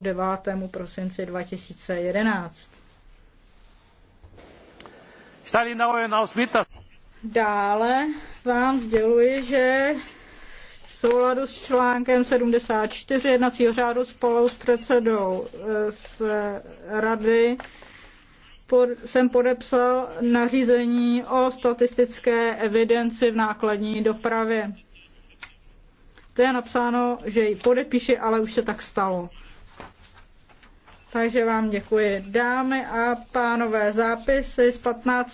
9. prosinci 2011. Dále vám sděluji, že v souladu s článkem 74 jednacího řádu spolu s předsedou eh, z rady pod, jsem podepsal nařízení o statistické evidenci v nákladní dopravě. To je napsáno, že ji podepíši, ale už se tak stalo. Takže vám děkuji. Dámy a pánové, zápisy z 15.